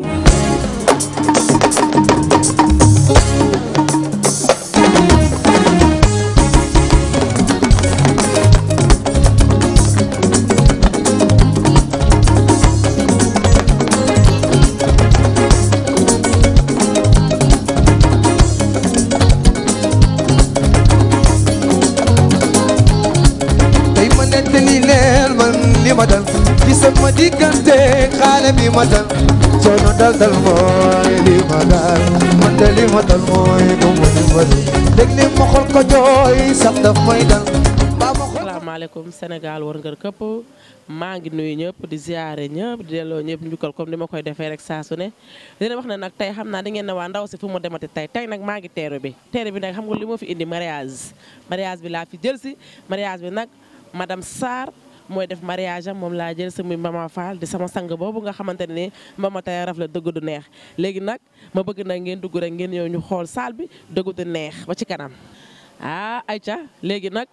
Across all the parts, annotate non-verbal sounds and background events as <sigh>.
Thank you. matal mooy li ma daal sax daf may dal asalaamaaleykum Sénégal war ngër këpp maa ngi nuyu ñëpp di ziare ñëpp di delloo ñëpp njukkal kom ni ma koy defee rek saa ne dina wax ne nag tey xam naa da ngeen ne waa ndaw si fu ma demati tey tey nag maa ngi teeru bi teeru bi nag xam nga li ma fi indi mariage mariage bi laa fi jël mariage bi nag madame Sarr mooy def mariage am moom laa jël sama mama Fall di sama sang boobu nga xamante ne mama tey raf la dëgg du neex léegi nag ma bëgg na ngeen dugg rek ngeen ñëw ñu xool salle bi dëgg du neex ba ci kanam ah ayca léegi nag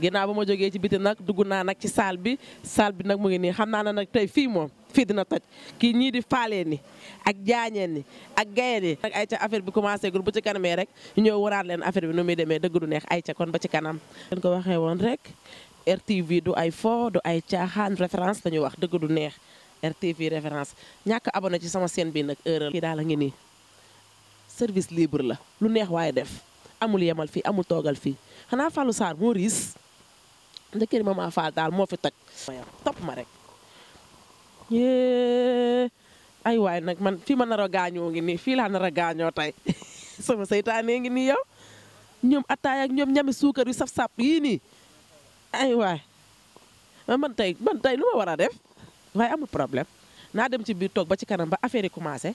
ginnaaw ba ma jógee ci biti nag dugg naa nag ci salle bi salle bi nag mu ngi nii xam naa ne nag fii moom fii dina toj kii ñii di faalee ni ak jaañeen ni ak gayeen ni nag ayca affaire bi commencé gul bu ci kanamee rek ñëw waraat leen affaire bi nu muy demee dëgg du neex ca kon ba ci kanam leen ko waxee woon rek RTV du ay fo du ay tiaxan référence dañu wax deug du neex RTV reference ñak abonné ci sama scène bi nak heureul ki ngini service libre la lu neex waaye def amul yemal fi amul togal fi xana fallu sar maurice Mama Fall dal mo fi tak top ma rek ye ay way nak man fi ma na ro gaañoo ngi nii fii laa nar a gaañoo <laughs> sama seytane ngi nii yow ñom attaay ak ñom ñami suukar yu saf-saf yi ni ay waay man tey man tey lu ma war a def waaye amul problème naa dem ci biir toog ba ci kanam ba affaire yi commencé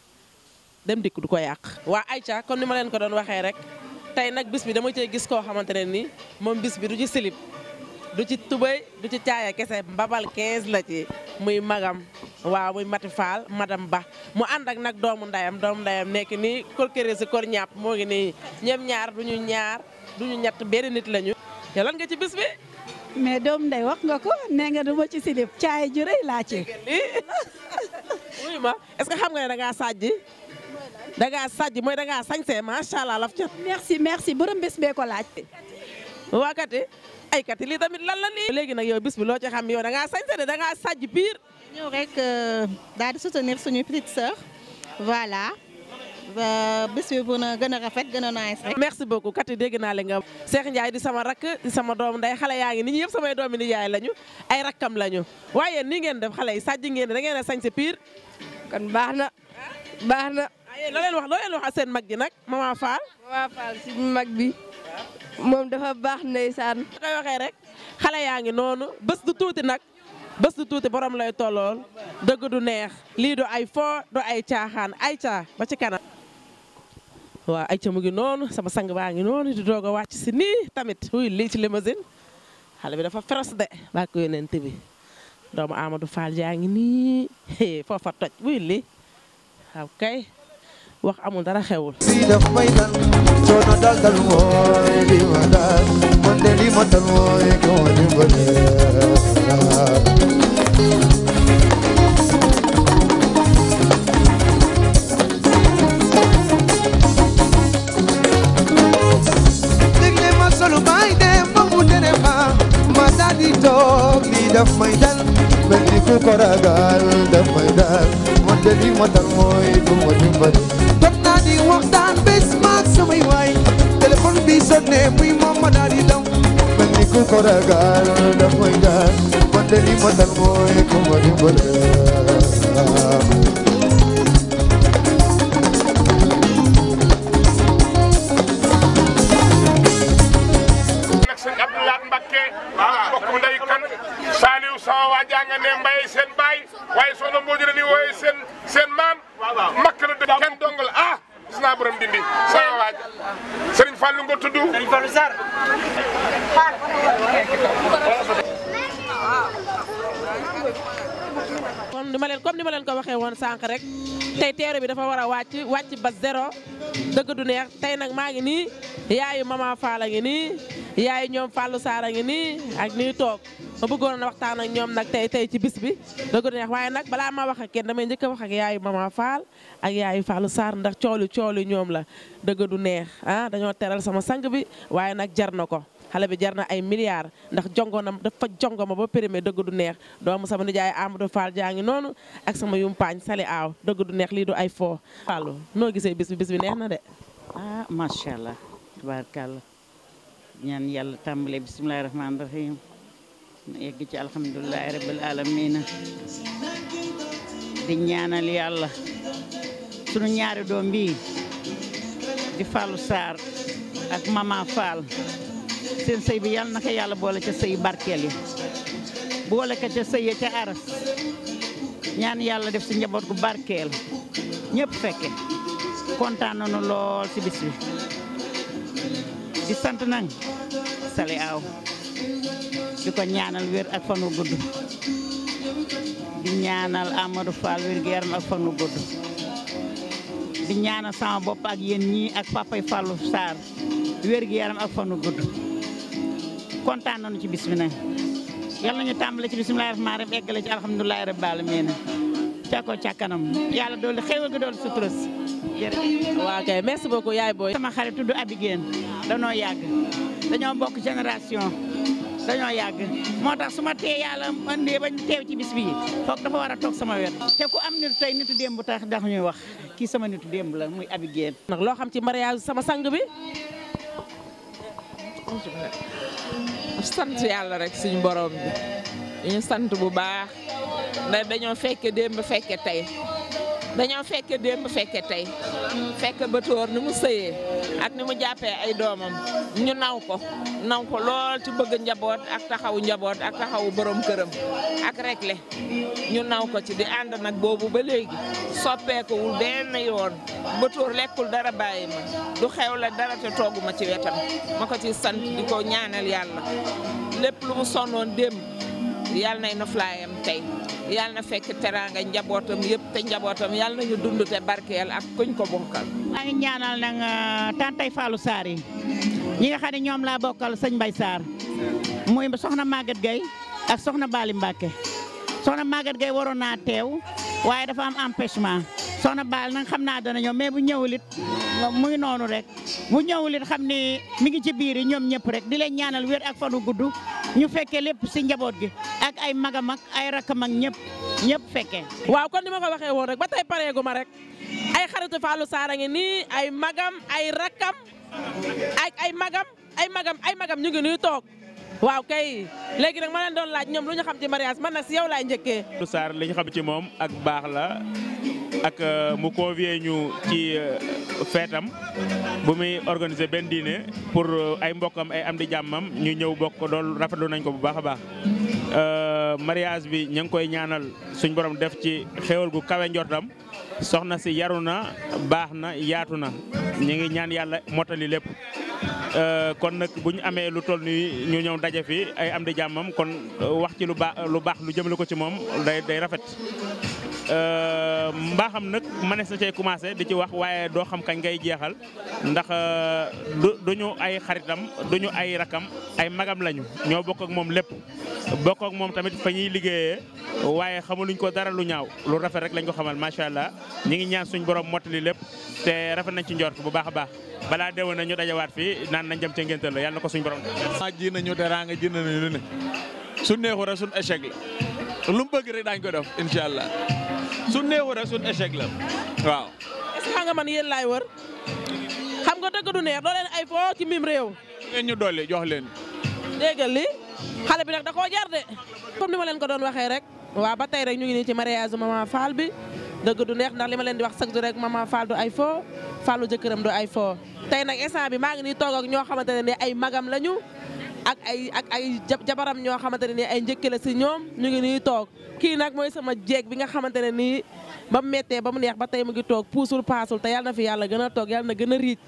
dem dikk du ko yàq. waa ay ca comme ni ma leen ko doon waxee rek tey nag bis bi dama cee gis koo xamante ne nii moom bis bi du ci silib du ci tubéy du ci caaya kese mbabal 15 la ci muy magam waaw muy Mati Fall madame Ba mu ànd ak nag doomu ndayam doomu ndayam nekk nii korkëre si kor ñàpp moo ngi nii ñoom ñaar du ñu ñaar du ñu ñett benn nit lañu. mais doom day wax nga ko nee nga du ma ci silib caay ju laa ci. wuy ma est-ce que xam nga ne da ngaa sàjji da ngaa sàjji mooy da ngaa sañsee macha allah laf cat. merci merci borom bés bee ko laaj. waa kati ay lii tamit lan la nii. léegi nag yow bis bi loo ci xam yow da ngaa sañse de da ngaa sàjji biir. ñëw rek euh, daal di soutenir suñu petite voilà. Euh, bis bi bu na gën a rafet gën a nice rek. merci beaucoup kat dégg naa la nga. Cheikh Ndiaye di sama rakk di sama doom nday xale yaa ngi nit ñi yëpp samay doomi nijaay lañu ay rakkam lañu waaye nii ngeen def xale yi sàjj ngeen da ngeen a sañse piir kon baax na baax na. waaye ah, loo leen wax loo leen wax seen mag ji nag maman Fall. maman Fall si mag bi moom dafa baax ndeysaan. saan koy waxee rek xale yaa ngi noonu bés du tuuti nag. bés du tuuti boroom lay tollool dëgg du neex lii du ay fo du ay caaxaan ay caa ci kanam waaw ay ca mu ngi noonu sama sang baa ngi noonu di doog a si nii tamit wuy lii ci limousine xale bi dafa féroce de baa ko yónent bi doomu Amadou Fall jaa ngi nii foofa toj wuy lii waaw wax amul dara xewul si daf may dal coono dal dal mooy li dal man de li ma dal mooy daf may dal mel ni ku ko ragal daf may dal wante li ma dal mooy du ma dimbali toog naa di waxtaan bés maag samay waay téléphone bi sonné muy moom ma daal di daw mel ni ku ko ragal daf may dal wante li ma dal mooy du ma dimbali Jangan jànga ne mbay seen baay waaye soxna Mbodj ni wooye dongal ah gis borom dindi sama waaj Serigne Fallou nga tudd Serigne Fallou Sarr kon ni ma comme ni ma ko waxee woon sànq rek tey teeru bi dafa ba zéro du neex yaayu Mama Fall ngi nii yaayu ñoom Fallou Sarr ngi ak ma bëggoon na waxtaan ak ñoom nag tey tey ci bis bi dëgg neex waaye nag balaa ma wax ak kenn damay njëkk a wax ak yaayu mama Fall ak yaayu Fallu saar ndax coolu coolu ñoom la dëgg du neex ah dañoo teral sama sang bi waaye nag jar na ko xale bi jar na ay milliards ndax jongo na dafa jongo ma ba périmé dëgg du neex doomu sama nijaay Amadou Fall jaa ngi noonu ak sama yumpaañ sali aaw dëgg du neex lii du ay foo Fallu noo gisee bis bi bis bi neex na de ah macha allah tabaarkalla ñaan yàlla tàmbalee bisimilah rahmaani rahim yegg ci alhamdulilahi rabil alamina di ñaanal yàlla sunu ñaari doom bii di Fallou Sarr ak Mama Fall seen sëy bi yàlla naka yàlla boole ca sëy barkeel yi boole ka ca sëy ya ca aras ñaan yàlla def si njaboot gu barkeel ñëpp fekke kontaan lool si bi di sant nag sali aaw di ko ñaanal wér ak fan gudd di ñaanal Amadou Fall wér gu yaram ak fan wu gudd di ñaanal sama bopp ak yéen ñii ak papay Fallou Sarr wér gu yaram ak fan gudd kontaan ci bis bi nag yal nañu tàmbale ci bisimilah rahmaani rahiim eggale ci alhamdulilah rabbil alamin càkkoo càkkanam yàlla doolu xéwal gi doolu sutura si waaw kay merci beaucoup yaay booy sama xarit tudd Abigéen danoo yàgg dañoo bokk génération dañoo yàgg moo tax su ma tee yàlla andee bañ teew ci bis bii foog dafa war a toog sama wet te ku am nitu tey nitu démb tax ndax ñuy wax kii sama nitu démb la muy abi géen nag xam ci mariage sama sang bi sant yàlla rek suñ borom bi ñu sant bu baax ndax dañoo fekke démb fekke tey dañoo fekke démb fekke tey fekk ba tóor ni mu sëyee ak ni mu jàppee ay doomam ñu naw ko naw ko lool ci bëgg njaboot ak taxawu njaboot ak taxawu borom këram ak rekle ñu naw ko ci di ànd nag boobu ba léegi soppeekuwul benn yoon ba tóor lekkul dara bàyyi ma du xew la dara te tooguma ci wetam ma ko ci sant di ko ñaaneel yàlla lépp lu mu sonnoon démb yàlla nay noflaayam tey yàlla na fekk teraanga njabootam yëpp te njabootam yàlla nañu dund te barkeel ak koñ ko bokkal. maa ngi ñaanal nag uh, tantay Fallou Sarr ñi nga xam ne ñoom laa bokkal sëñ Mbaye Sarr muy soxna Maguette gay ak soxna Bali Mbacke soxna Maguette gay waroon naa teew waaye dafa am empêchement soxna Bali nag xam naa dana ñëw mais bu ñëwul it muy noonu rek bu ñëwul it xam ni mi ngi ci biir ñoom ñëpp rek di leen ñaanal wér ak fanu gudd ñu fekkee lépp si njaboot gi. ak ay magam ak ay rakam ak ñëpp ñëpp fekkee. waaw kon ni ma ko waxee woon rek ba tey pareegu ma rek ay xaritu Fallou Sarr a ngi nii ay magam ay rakam ak ay magam ay magam ay magam ñu ngi nuy toog waaw kay léegi nag ma leen doon laaj ñoom lu ñu xam ci mariage man nag si yow laay njëkkee. Fallou Sarr li ñu xam ci moom ak baax la ak euh, mu convier ñu ci euh, feetam bu muy organiser benn diine pour euh, ay mbokkam ay am di jàmmam ñu ñëw bokk loolu rafetlu nañ ko bu baax a baax. Euh, mariage bi ñu ngi koy ñaanal suñ borom def ci xéwal gu kawe njortam soxna si yaru na baax na yaatu na ñu ngi ñaan yàlla motali lépp. Euh, kon nag bu amee lu toll nii ñu ñëw daje fi ay am di jàmmam kon wax ci lu baax lu baax lu jëmale ko ci moom day rafet. Euh, mbaaxam nag mënees na cay commencé di ci wax waaye doo xam kañ ngay jeexal ndax euh, du duñu ay xaritam duñu ay rakam ay magam lañu ñoo bokk ak moom lépp bokk ak moom tamit fa ñuy liggéeyee waaye xamaluñ ko dara lu ñaaw lu rafet rek lañ ko xamal macha allah ñi ngi ñaan suñ borom mottali lépp te rafet nañ ci njort bu baax a baax balaa déwén na ñu waat fii naan nañ jëm ca ngéntal la yàlla na ko suñ borom. ji nañu teraanga ji nañu lu ne su neexu rek suñ la. lu mu bëgg rek daañu ko def allah su néew rek suñu échec la waaw. est-ce que xam man yéen laay wër xam nga dëgg du neex doo leen ay foo ci mim réew. ngeen ñu dolli jox leen. dégg li xale bi nag da koo jar de. comme ni leen ko doon waxee rek. waa ba tey rek ñu ngi nii ci mariage maman Fall bi dëgg du neex ndax li ma leen di wax chaque jour rek maman Fall du ay foo Fallu jëkkëram du ay foo. tey nag instant bi maa ngi nii toog ñoo xamante ne ay magam lañu. ak ay ak ay jabaram ñoo xamante ne nii ay njëkk la si ñoom ñu ngi nii toog kii nag mooy sama jeeg bi nga xamante ne nii ba mu méttee ba mu neex ba tey mu ngi toog puusul paasul te yàlla na fi yàlla gën a toog yàlla na gën a riij.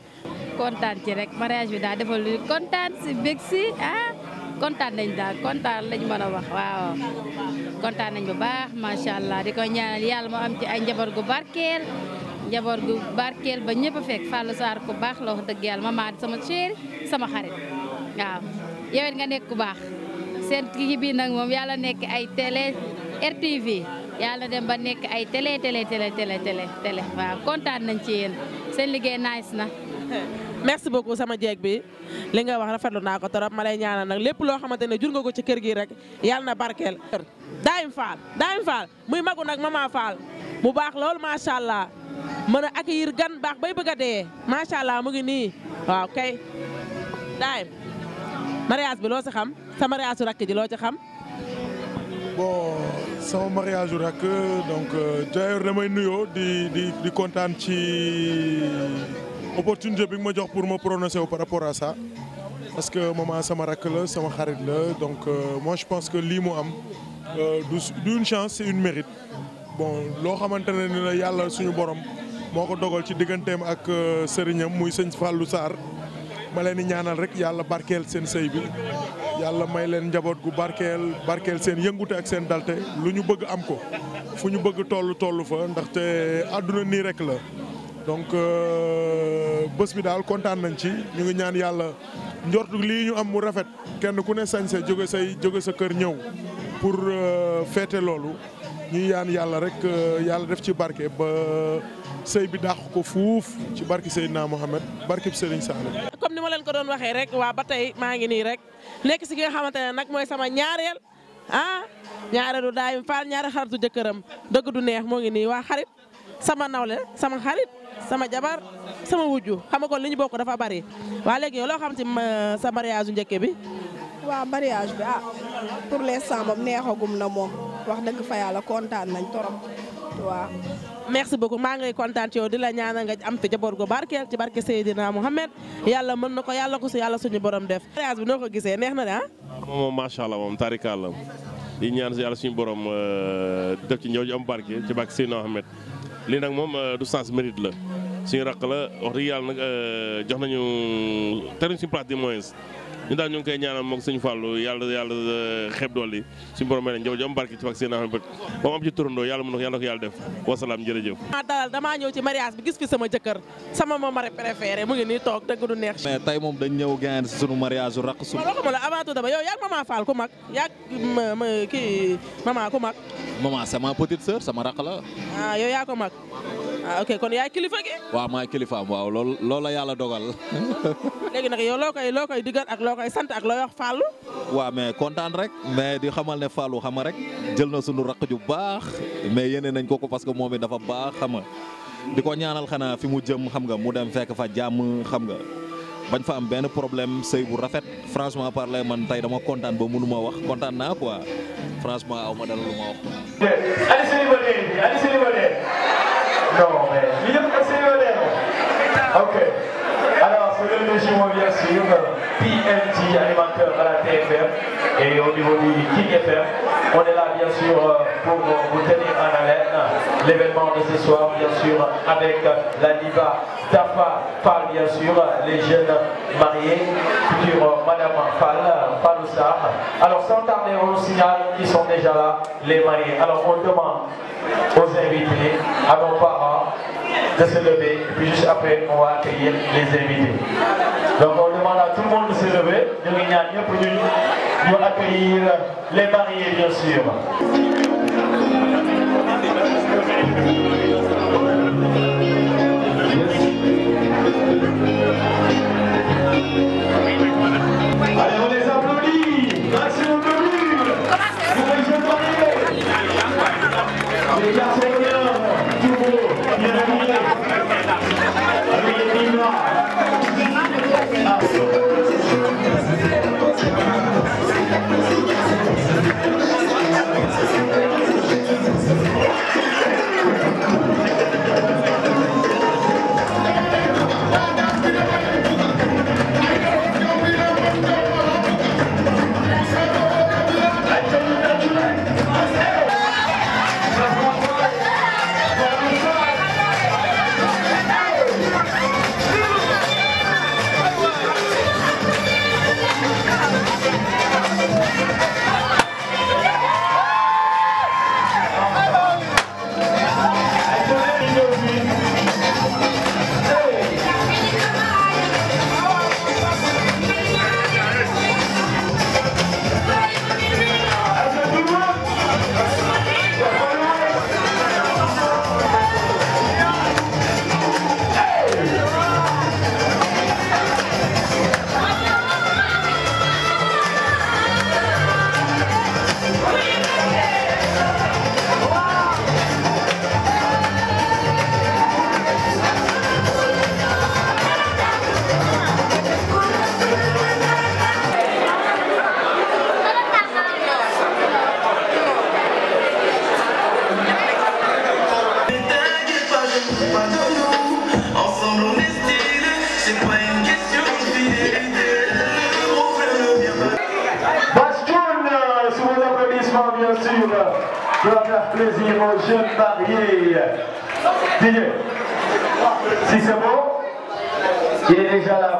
kontaan ci rek mariage bi daal defal lu kontaan si bég si ah kontaan nañ daal kontaan lañ mën a wax waaw kontaan nañ bu baax macha allah di ko ñaanal yàlla mu am ci ay njaboot gu barkeel njaboot gu barkeel ba ñëpp fek fekk saar ku baax la dëgg yàlla maman sama chéri sama xarit waaw. yow nga nekk ku baax seen kii bii nag moom yàlla nekk ay télé RTV yàlla dem ba nekk ay télé télé télé télé waaw kontaan nañ ci yéen seen liggéey nice na. merci beaucoup sama jeeg bi li nga wax rafetlu naa ko trop ma lay ñaanal nag lépp loo xamante ne jur nga ko ci kër gi rek yàlla na barkeel. daayim faal daayim faal muy magu nag mama faal mu baax lool macha allah mën a accueillir gan baax bay bëgg a dee macha allah mu ngi nii waaw kay daayim. mariage bi loo ci xam sa mariage su rakk ji loo ci xam. bon sama mariage su rakk donc euh, d'ailleurs damay nuyo di di di contane ci opportunité bi nga ma jox pour me prononcer par rapport à ça. parce que maman sama rak la sama xarit la donc euh, moi je pense que li mo am euh, d'une chance c'est une mérite bon lo xamantene ni la yalla suñu borom moko dogal ci digantem ak serignam muy sëñ Fallou sar ma leen di ñaanal rek yàlla barkeel seen sëy bi yàlla may leen njaboot gu barkeel barkeel seen yëngute ak seen dalte lu ñu bëgg am ko fu ñu bëgg toll tollu fa ndaxte àdduna nii rek la donc euh, bés bi daal kontaan nañ ci ñu ngi ñaan yàlla njortu lii ñu am mu rafet kenn ku ne sañ sañse jóge say jóge sa kër ñëw pour euh, feete loolu ñuy yaan yàlla rek euh, yàlla def ci barke ba sëy bi dàq ko fuuf ci barke Seydina Mohamed barke bi Serigne Saliou comme ni ma leen ko doon waxee rek waa ba tey maa ngi nii rek nekk si ki nga xamante ne nag mooy sama ñaareel ah ñaareelu daay faal ñaare xaritu jëkkëram dëgg du neex moo ngi nii waa xarit sama nawle sama xarit sama jabar sama wujju xam nga kon li ñu bokk dafa bari waa léegi yow loo xam ci euh, sa mariage bi wa mariage bi ah pour l'instant moom neexagum na moom wax kontan fa yàlla kontaan nañ torop waaw. merci beaucoup maa ngay kontaan yow di la nga am te jaboot gu barkeel ci barke Seydina mën ko suñu borom def. mariage bi noo ko gisee neex na de ah. ah allah moom di ñaan suñu borom euh, def ci ñëw ji am barke ci barke Seydina Mohamed lii nag moom euh, du sens mérite la suñu raq la wax dëgg euh, jox nañu place des moyens. ñu daal ñu ngi koy ñaanal moog suñu fàllu yàlla yàlla euh, xeeb dool yi suñu borom may leen jaww ji am barke ci vaccin naa xam bët ba mu am ci turandoo ko yàlla def wasalaam jërëjëf maa dalal damaa ñëw ci bi gis fi sama jëkkër sama ma mari préféré mu ngi nii toog dëgg du neex mais tey moom dañ ñëw gain si suñu ku mag yaag kii ku mag maman sama petite sœur sama raq la ah yow yaa ko mag ah ok kon yaay kilifa gi. waaw maay kilifaam waaw loolu loolu la yàlla dogal. <laughs> léegi nag yow loo koy digal ak loo sant ak looy wax Fallou. waaw mais kontaan rek mais di xamal ne Fallou xama rek jël na sunu rakk ju baax mais yeneen nañ ko ko parce que moom it dafa baax xam nga di ko ñaanal xanaa fi mu jëm xam nga mu dem fekk fa jàmm xam nga. bañ fa am benn problème sëy bu rafet franchement parler man tey dama kontaan ba mënu ma wax kontaan naa quoi franchement aw ma dara Non, mais. Ok. Alors, c'est le régime, bien sûr, PMT, animateur à la TFM et au niveau du King FM. On est là, bien sûr, euh, pour vous tenir en haleine. L'événement de ce soir, bien sûr, avec la diva Tafa Fall, bien sûr, les jeunes mariés, future Madame Fall, Faloussar. Alors, sans tarder, on signale qu'ils sont déjà là, les mariés. Alors, on demande aux invités, à nos parents, de se lever, et puis juste après, on va accueillir les invités. Donc, on demande à tout le monde de se lever, de rien pour nous pour accueillir les mariés, bien sûr.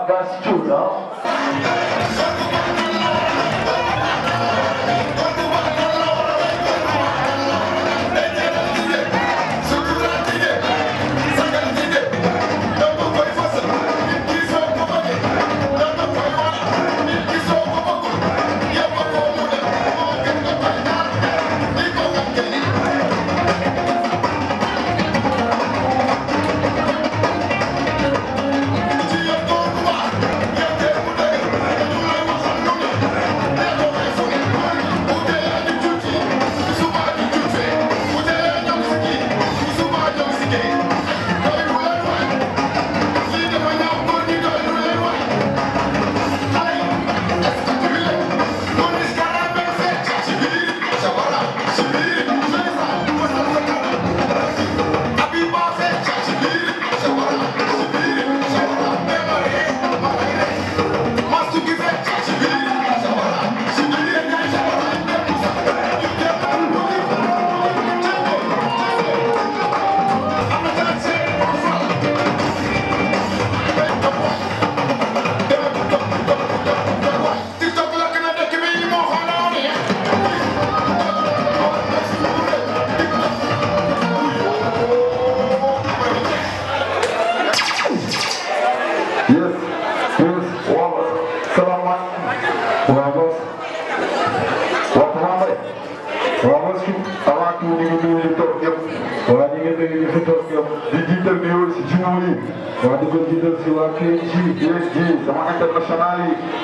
verse 2 no.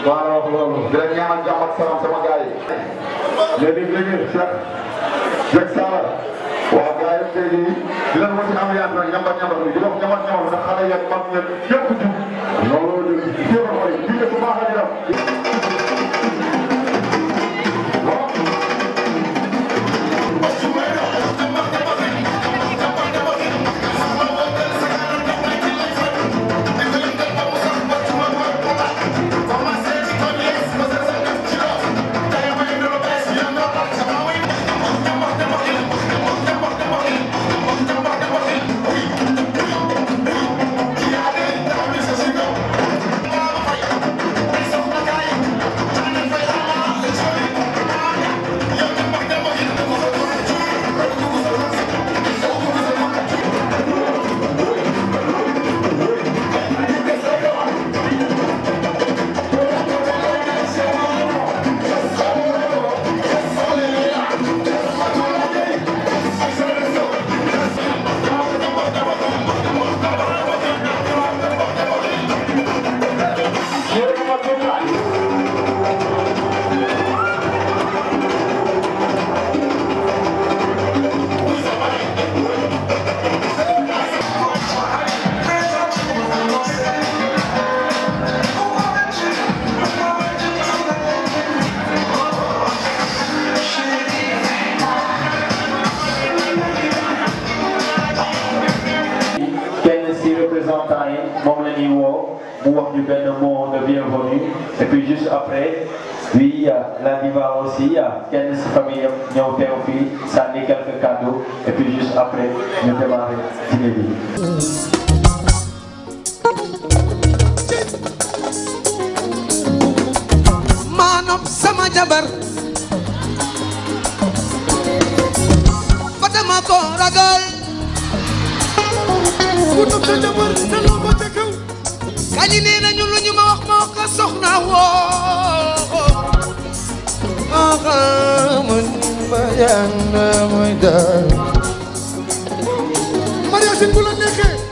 maa la wax loolu di la ñaanal jàmm salaam sama gars yi. mais léegi di leen wasi am yaatu nag ñamba ñamba bi di wax ñamba ñamba bi ndax xale yeeg mag ñeeg ñëpp jub loolu la ñu jéem a xool jiite bu baax la ñu def. après oui, la diva aussi, quelle famille nous avons fait, ça n'est quelques cadeaux, et puis juste après, nous démarrer Tinébi. sama jabar ko ragal Kutuk jabar, Kali nee nañu lu nga soxna woo axaman ma yàlla mooy daal Maria si bu la neexee